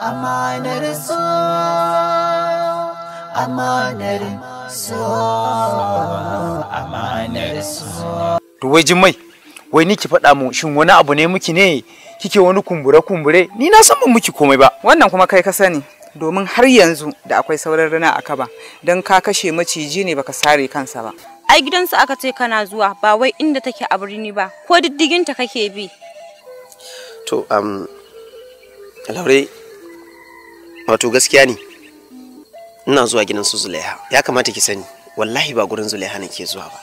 amanar so amanar so amanar so to wai mai wai ni ki faɗa mu shin wani abu ne miki ne kike wani kumbure kumbure ni na san ban miki komai ba wannan kuma kai ka sani domin har yanzu da akwai sauran rana a kaba don ka kashe maciji ne baka sare kansa ba ai gidansu aka ce kana zuwa ba wai inda take a birni ba ko diddiginta kake bi to um laure wato gaskiya ne ina zuwa gidan su zulaiha ya kamata ki sani wallahi ba gurin zulaiha ke zuwa ba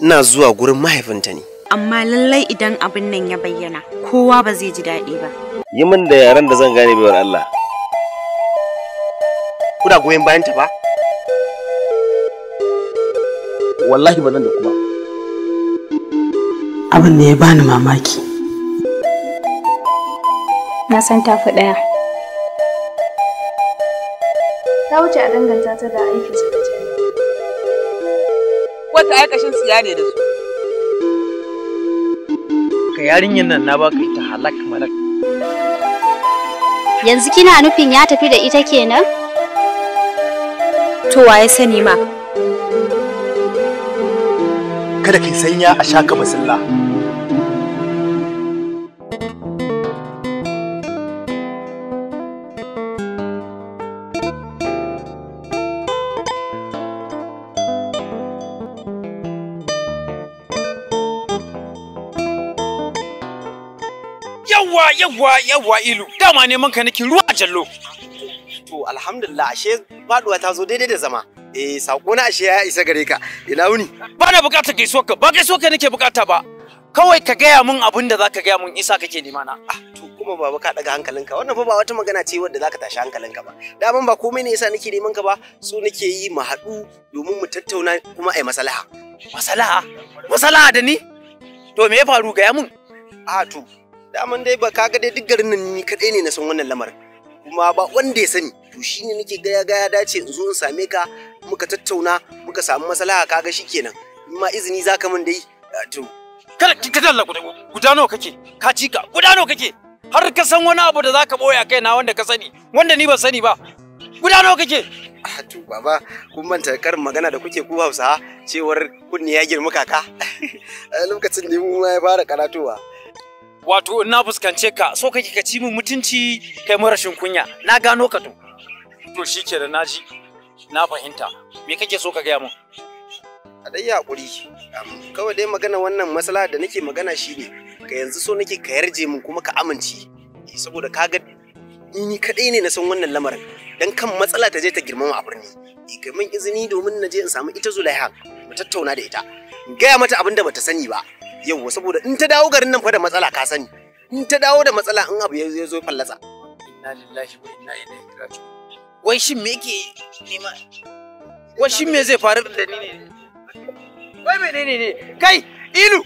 ina zuwa gurin mahaifinta ne amma lallai idan abin nan ya bayyana kowa ba zai ji daɗi ba yi min da yaren da zan gane baiwar Allah kuna goyon bayan ta ba wallahi ba nan da kuma abin da ya bani mamaki na san tafi ɗaya ta wuce a danganta ta da aikin su da jari. Wata aikashin siya ne da su. Ka yarinyar nan na yi ita halak malak. Yanzu kina nufin ya tafi da ita kenan? To waye sani ma. Kada ki sanya a shaka masalla. yawwa yawwa ilu dama neman ka nake ruwa jallo to alhamdulillah ashe faduwa ta zo daidai da zama eh sako na ashe ya isa gare ka ina wuni ba na bukata kai ka ba kai soka nake bukata ba kawai ka gaya min abin da zaka gaya min isa kake nema na ah to kuma baba ka daga hankalinka wannan fa ba wata magana ce wadda zaka tashi hankalinka ba daman ba komai ne isa nake neman ka ba so nake yi mu haɗu domin mu tattauna kuma ai masalaha. Masalaha? Masalaha da ni to me ya faru gaya mun a ah, to daman dai ba kaga dai duk garin nan ni kadai ne na san wannan lamarin kuma ba wanda ya sani to shine nake gaya gaya dace in zo in same ka muka tattauna muka samu maslaha kaga shikenan in ma izini zaka min dai ah, to kada ki ta dalla guda nawa kake ka ci ka guda nawa kake har ka san wani abu da zaka boye kai na wanda ka sani wanda ni ba sani ba guda nawa kake ah, to baba kun manta karin magana da kuke ku Hausa cewar kunni ya girma kaka lokacin ne mu ma ya fara karatuwa wato na fuskance ka so kake ka ci min mutunci kai marashin kunya na gano ka to to shike da naji na fahimta me kake so ka gaya min a dai hakuri kawai dai magana wannan masala da nake magana shine ka yanzu so nake ka yarje min kuma ka amince eh, saboda ka ga ni kadai ne na san wannan lamarin dan kan matsala ta je ta girmama a birni eh, kai min izini domin na je in samu ita Zulaiha mu tattauna da ita gaya mata abin da bata sani ba yauwa saboda in ta dawo garin nan fa da matsala ka sani in ta dawo da matsala in abu ya zo fallasa inna lillahi wa inna ilaihi raji'un wai shin me yake nema wai shin me zai faru da ni ne wai menene ne kai ilu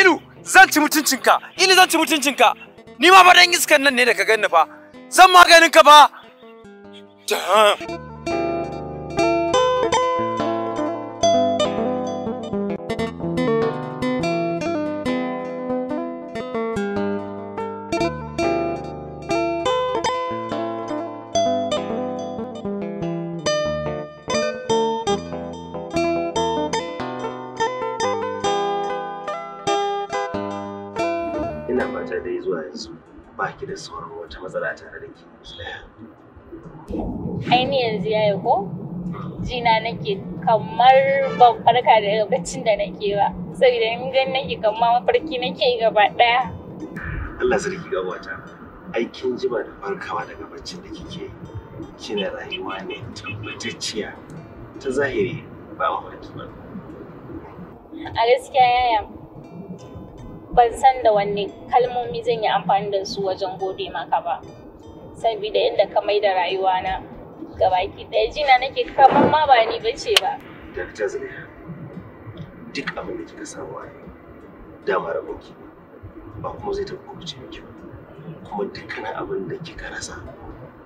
ilu zan ci mutuncinka ilu zan ci mutuncinka ni ma ba dan iskan nan ne da ka ganni fa zan maganin ka fa ina fata dai zuwa yanzu ba ki da sauran wata matsala tare da ke. ni yanzu ya yi ko? Jina nake kamar ban farka da baccin da nake ba. Saboda in gan nake kamar mafarki nake gaba daya Allah sarki gabata. Ai kin jima da farkawa daga baccin da kike kina rayuwa ne tabbatacciya ta zahiri ba mafarki ba. A gaskiya yaya ban san da wanne kalmomi zan yi amfani da su wajen gode maka ba saboda yadda ka mai da rayuwana baki ɗaya jina nake kamar ma ba ni bace ba dakta zulaiha duk abin da kika samu a dama rabon ki ba kuma zai taɓa kubuce miki ba kuma dukkanin abin da kika rasa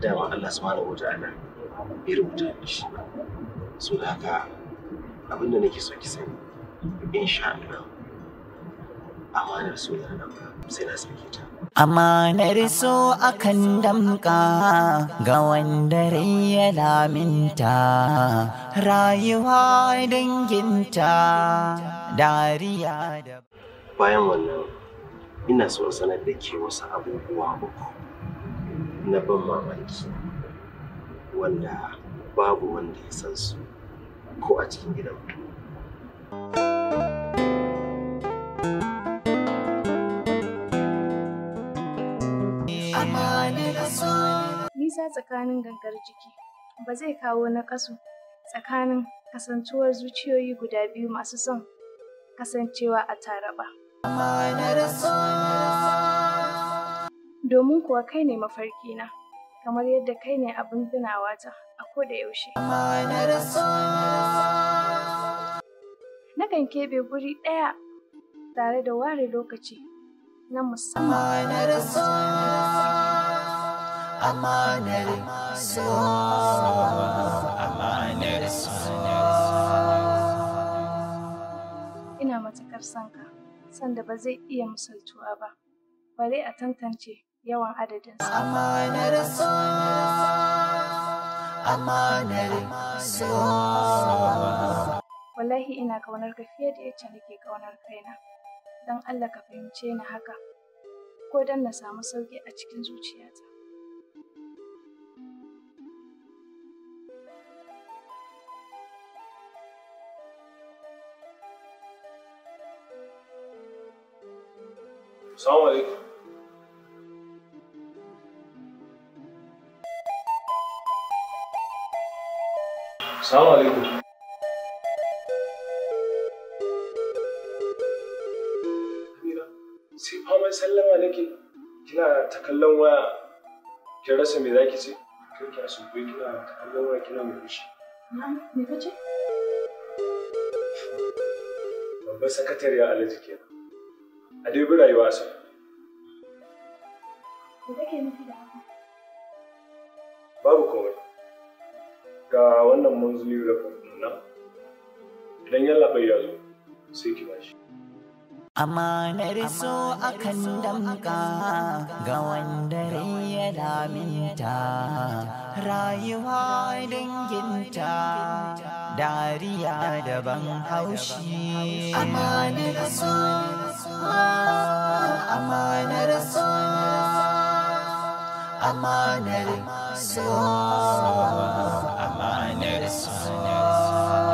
dama Allah subhanahu wata'ala ya rubuta shi so da haka abin da nake so ki sani insha Allah amanar so akan damka ga wanda ya laminta rayuwa danginta dariya da. Bayan wannan ina son sanar da ke wasu abubuwa uku na ban mamaki wanda babu wanda ya san su ko a cikin gidan mutum. nisa tsakanin gangar jiki ba zai kawo nakasu tsakanin kasantuwar zuciyoyi guda biyu masu son kasancewa a tare ba. Domin kuwa kai ne mafarki na, kamar yadda kai ne abin ta a koda yaushe. Nakan keɓe guri ɗaya tare da ware lokaci na musamman. amanar ina matukar sanka sanda ba zai iya misaltuwa ba bare a tantance yawan adadin amanar amanar wallahi ina kaunar ka fiye da yace nake kaunar kaina don Allah ka fahimce ni haka ko dan na samu sauki a cikin zuciyata السلام عليكم السلام عليكم Sai faman sallama nake kina ta kallon waya kin rasa me zaki ce? Kin ki asubu kina ta kallon waya kina Me sakatariya Dubi rayuwa su. Babu komai. Ga wannan munzuli rafin nan, idan yallaɓai ya zo, sai ki bashi. riso a akan damka ga wanda ya laminta rayuwa danginta dariya daban haushi. na riso amanar so amanar so amanar so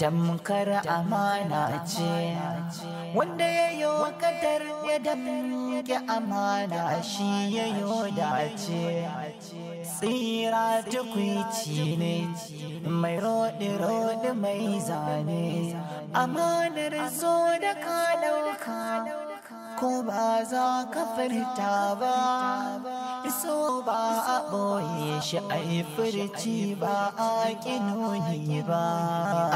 tamkar amana ce wanda ya yi wa kadar ya damke amana shi ya yi dace tsira tukwici ne mai roɗi-roɗi mai zane amanar zo da ka ɗauka ko ba za ka furta ba so ba a boye shi a yi furci ba a ƙi nuni ba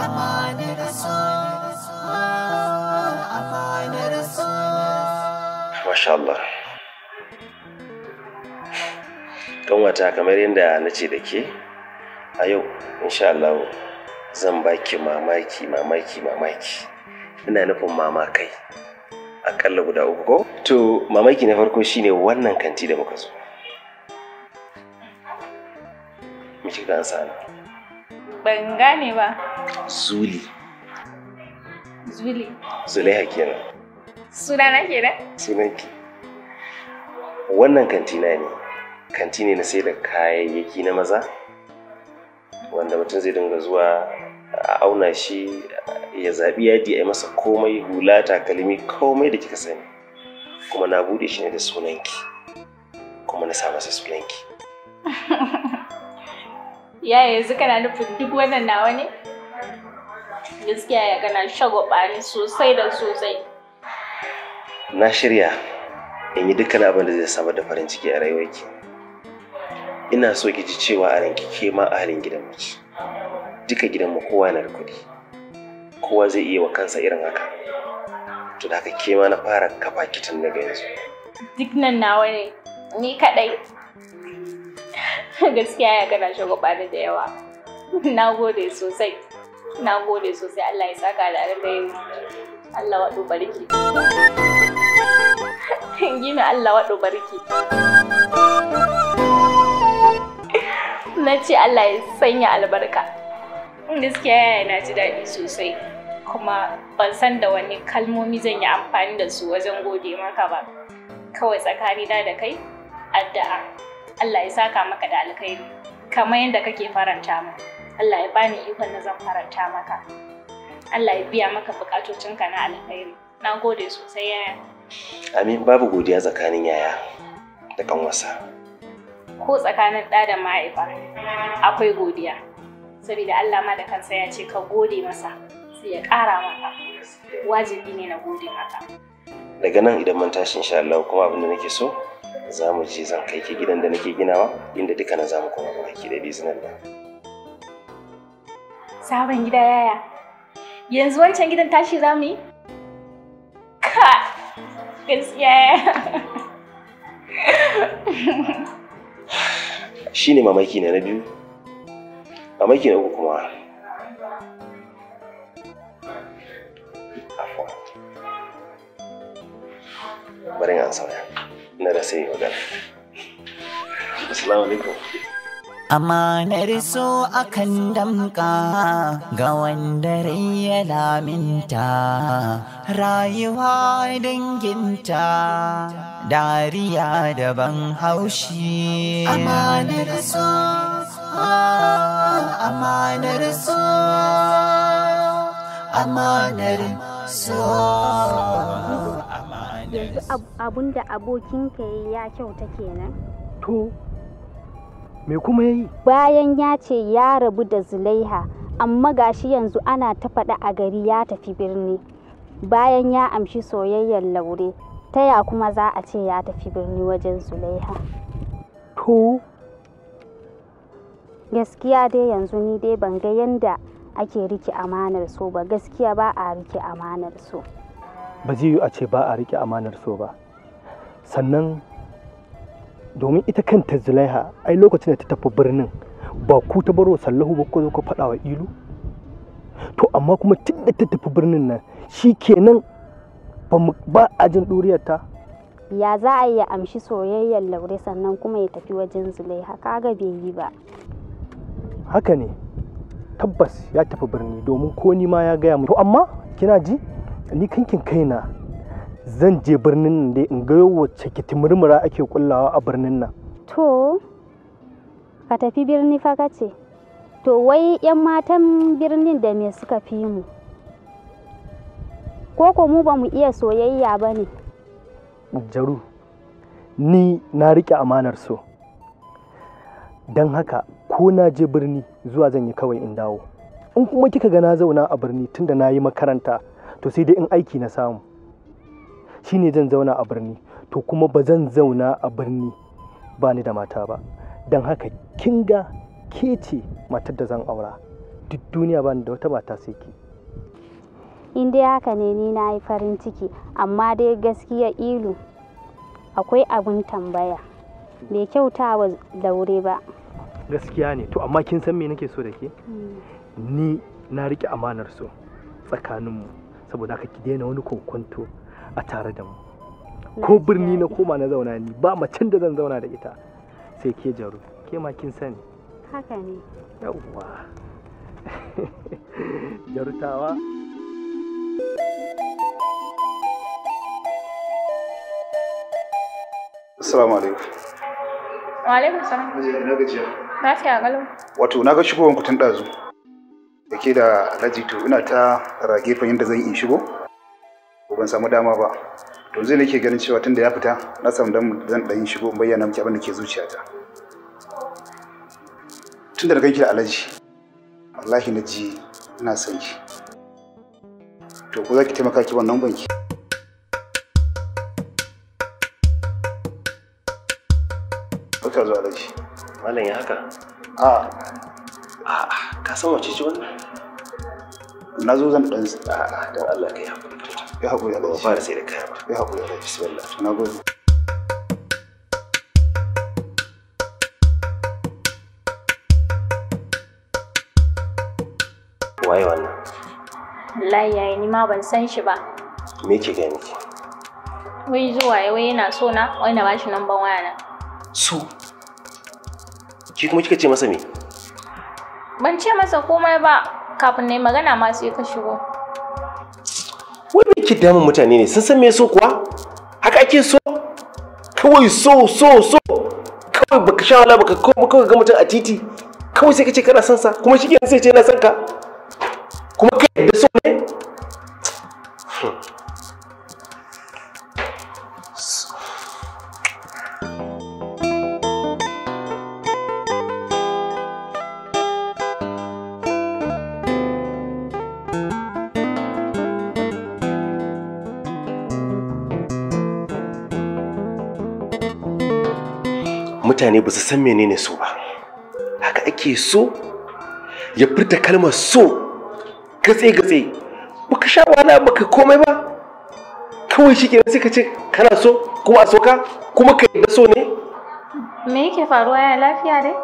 amanar so ah, amanar so masha Allah kanwata kamar yadda na ce da ke a yau insha Allah zan baki mamaki mamaki mamaki ina nufin mamakai akalla guda uku ko to mamaki na farko shine wannan kanti da muka zo me kika ansa ban gane ba zuli zuli zulaiha kenan na kenan ki. wannan kantina ne kanti ne na sai da kayayyaki na maza wanda mutum zai dinga zuwa a auna shi ya zaɓi yadi a yi masa komai hula takalmi komai da kika sani kuma na bude shi ne da sunanki kuma na sa masa sunanki ya yanzu kana nufin duk wannan nawa ne gaskiya ya gana shagwaba ni sosai da sosai na shirya in yi dukkan abin zai samar da farin ciki a rayuwarki ina so ki ji cewa a ranki ke ma halin gidan mace duka gidan mu, kowa na da kuɗi kowa zai iya wa kansa irin haka to da haka ke ma na fara kafa kitin daga yanzu duk nan nawa ne ni kaɗai gaskiya ya kana shugabani da yawa na gode sosai na gode sosai Allah ya saka da alkhairi Allah waɗo barki gina Allah waɗo barki na ce Allah ya sanya albarka gaskiya na ji daɗi sosai kuma ban san da wani kalmomi zan yi amfani da su wajen gode maka ba kawai tsakanina da kai addu'a Allah ya saka maka da alkhairi kamar yadda kake faranta min Allah ya bani ikon da zan faranta maka Allah ya biya maka bukatocinka na alkhairi na gode sosai yaya amin babu godiya tsakanin yaya da kanwasa ko tsakanin ɗa da ma'aifa akwai godiya saboda Allah ma da kansa ya ce ka gode masa sai ya ƙara maka wajibi ne na gode maka daga nan idan mun tashi insha Allah kuma abin da nake so za mu je zan kai ki gidan da nake ginawa inda dukkanin za mu kuma baki da bizinan da. Sabon gida yaya, yanzu wancan gidan tashi za mu yi? Ka gaskiya Shi ne mamaki na na biyu, mamaki na uku kuma. Bari an sauya. magana assalamu alaikum amanar so akan damka ga wanda ya laminta rayuwa danginta dariya da ban haushi amanar so amanar so amanar so yanzu abun da abokinka ya kyauta kenan to me kuma ya yi bayan ya ce ya rabu da zulaiha amma gashi yanzu ana ta faɗa a gari ya tafi birni bayan ya amshi soyayyar laure ta ya kuma za a ce ya tafi birni wajen zulaiha to gaskiya dai yanzu ni dai ban ga yanda ake riki amanar so ba gaskiya ba a riki amanar so ba zai yi a ce ba a riƙe amanar so ba sannan domin ita kanta zulaiha ai lokacin da ta tafi birnin ba ku ta baro sallahu ba ko ku faɗa wa ilu to amma kuma tun da ta tafi birnin nan shi kenan ba a jin ɗuriyarta ya za a yi amshi soyayyar laure sannan kuma ya tafi wajen zulaiha kaga bai yi ba haka ne tabbas ya tafi birni domin ko ni ma ya gaya mu to amma kina ji ni kankin kaina zan je birnin nan dai in ga wacce murmura ake kullawa a birnin nan to ka tafi birni fa ka ce to wai 'yan matan birnin da me suka fi mu ko ko mu ba mu iya soyayya ba ne jaru ni na riƙe amanar so don haka ko na je birni zuwa zan yi kawai in dawo in kuma kika ga na zauna a birni tunda na yi makaranta to sai dai in aiki na samu shine zan zauna a birni to kuma ba zan zauna a birni ba ni da mata ba don haka kin ga ke ce matar da zan aura duk duniya ba ni da wata mata sai ki in dai haka ne ni na yi farin ciki amma dai gaskiya ilu akwai abin tambaya bai kyauta wa laure ba gaskiya ne to amma kin san me nake so da ke hmm. ni na rike amanar so tsakaninmu saboda ka ki daina wani kokonto a tare da mu ko birni na koma na zauna ni ba macen da zan zauna da ita sai ke jaru ke ma kin sani haka ne yawwa jarutawa Assalamu alaikum. Wa alaikum salam. Na gajiya. Lafiya galau. Wato na ga shigowanku tun ɗazu. yake ke da alhaji to ina ta rage fa yadda zan yi shigo ko ban samu dama ba to zai nake ganin cewa tunda ya fita na samu dan zan dan yi shigo bayyana miki abin da ke zuciyata tunda da ganki da alhaji wallahi na ji ina son ki to ko za ki taimaka ki wannan banki Barka zo alhaji. Malam ya haka? A'a. Ah. A ah, ka san wace ce wannan? na zo zan ɗan dan a'a dan Allah kai hakuri ya hakuri ba fara sai da kaya ba ya hakuri bismillah na gode waye wannan wallahi yayi ni ma ban san shi ba me ke gani ki wai zuwa ya wai yana so na wai na bashi namban waya na so ki kuma kika ce masa me ban ce masa komai ba kafin na yi magana ma sai ka shigo. Wani ke damun mutane ne sun san me so kuwa? Haka ake so? Kawai so so so kawai baka sha wala baka kawai ga mutum a titi kawai sai ka ce kana son sa kuma shi sai ce na son ka kuma kai da so ne mutane ba su san menene so ba haka ake so ya furta kalmar so gatse gatse baka sha wahala baka komai ba kawai shi sai ka ce kana so kuma a soka kuma ka da so ne me yake faruwa ya lafiya dai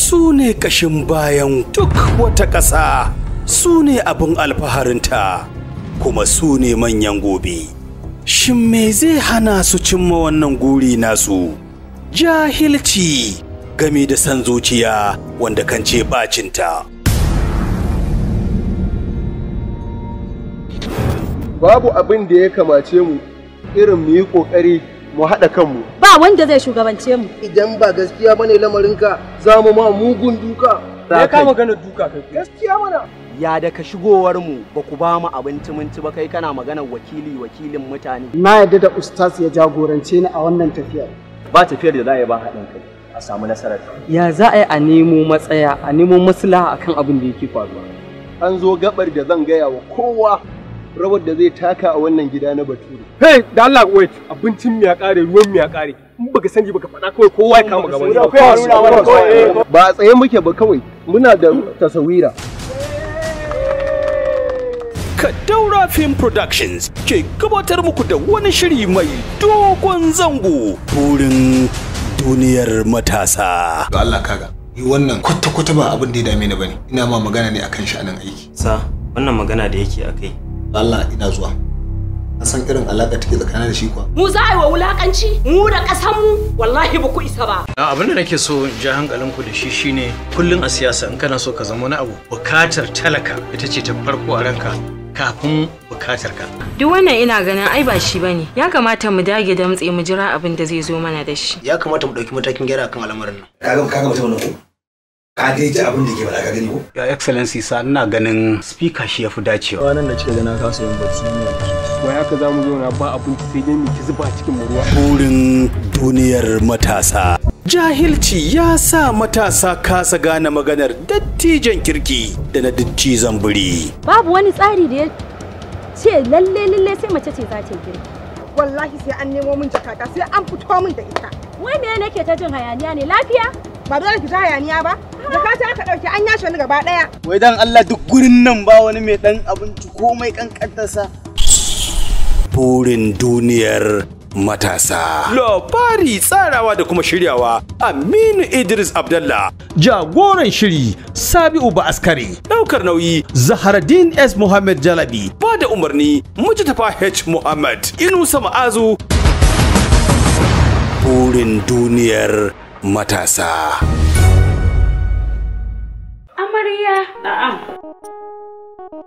su ne kashin bayan duk wata ƙasa su ne abin alfaharinta kuma su ne manyan gobe shin me zai hana su cimma wannan guri nasu jahilci game da san zuciya wanda kan ce bacinta babu abin da ya kamace mu irin mu yi ƙoƙari mu haɗa kanmu ba wanda zai shugabance mu idan ba gaskiya bane lamarinka za mu ma mugun duka ya kama ganin duka kai gaskiya mana ya daga shigowar mu ba ku ba mu abinci minti ba kai kana maganar wakili wakilin mutane na yadda da ustaz ya jagorance ni a wannan tafiyar ba tafiyar da za a yi ba haɗin kai a samu nasarar ya za a yi a nemo matsaya a nemo maslaha akan abin da yake faruwa an zo gabar da zan gaya wa kowa rawar da zai taka a wannan gida na bature hey da Allah wait abincin miya kare ruwan miya kare in baka ji baka faɗa kawai kowa ya kama gaban ba tsaye muke ba kawai muna da tasawira Daura Film Productions ke gabatar muku da wani shiri mai dogon zango burin duniyar matasa. Ga Allah kaga, yi wannan kwata-kwata ba abin da ya dame ni ne, Ina ma magana ne akan sha'anin aiki. Sa, wannan magana da yake akai. Allah ina zuwa. Na san irin alaƙa take tsakanin da shi kuwa. Mu za a yi wa wulaƙanci, mu da ƙasanmu wallahi ba ku isa ba. Abin da nake so in ja hankalinku da shi shine kullum a siyasa in kana so ka zama wani abu bukatar talaka ita ce ta farko a ranka. kafin bukatar ka. Duk wannan ina ganin ai ba shi bane. Ya kamata mu dage da mutse mu jira abin da zai zo mana da shi. Ya kamata mu dauki matakin gyara kan al'amarin nan. Kaga kaga mutum ne Ka dai ji abin da ke faɗa ka gani ko? Ya excellency sa ina ganin speaker shi yafi dacewa. Wannan da kika gana ka sayan bacci ne. ya ka za mu na ba abinci sai dai mu ki zuba cikin ruwa. Burin duniyar matasa. Jahilci ya sa matasa kasa gane maganar dattijan kirki da na dattijan biri. Babu wani tsari da ya ce lalle lalle sai mace ce za ta girki. Wallahi sai an nemo min jakata sai an fito min da ita. Wai me ke ta jin hayaniya ne lafiya? Ba dole ki ta hayaniya ba. Jakata ka dauke an yashe ni gaba daya. Wai dan Allah duk gurin nan ba wani mai dan abinci komai kankantarsa. Burin duniyar matasa. Labari tsarawa da kuma shiryawa Aminu Idris Abdallah. Jagoran shiri Sabi'u uba askari. Daukar nauyi Zaharadin S. Muhammad Jalabi. Ba da umarni Mujtafa H. Muhammad. Inusa Ma'azu. Burin duniyar matasa. Amarya. Na'am.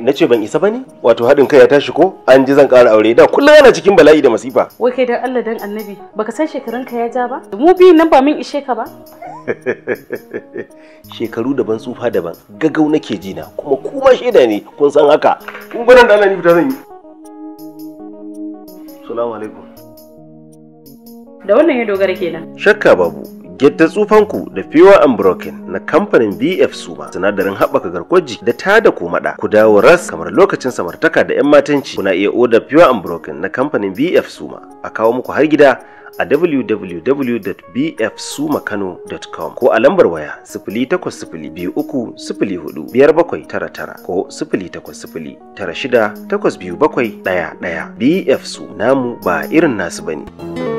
na ce ban isa ba ne wato haɗin kai ya tashi ko an ji zan ƙara aure da kullum yana cikin bala'i da masifa wai kai dan Allah dan annabi baka san shekarun ka ya ja ba mu biyun nan ba min ishe ka ba shekaru daban tsufa daban gagau nake jina kuma kuma shaida ne kun san haka kun gwanan da Allah ni fita zan yi salamu alaikum da wannan ya dogara kenan shakka babu Gidda tsufanku da Pure Unbroken na kamfanin BF Suma sinadarin haɓaka garkuwar jiki da tada da maɗa. Ku dawo ras kamar lokacin samartaka da 'yan matanci kuna iya oda Pure Unbroken na kamfanin BF Suma a kawo muku har gida a www.bfsumakano.com ko a lambar waya 08023045799 ko ɗaya, BF Su namu ba irin nasu bane.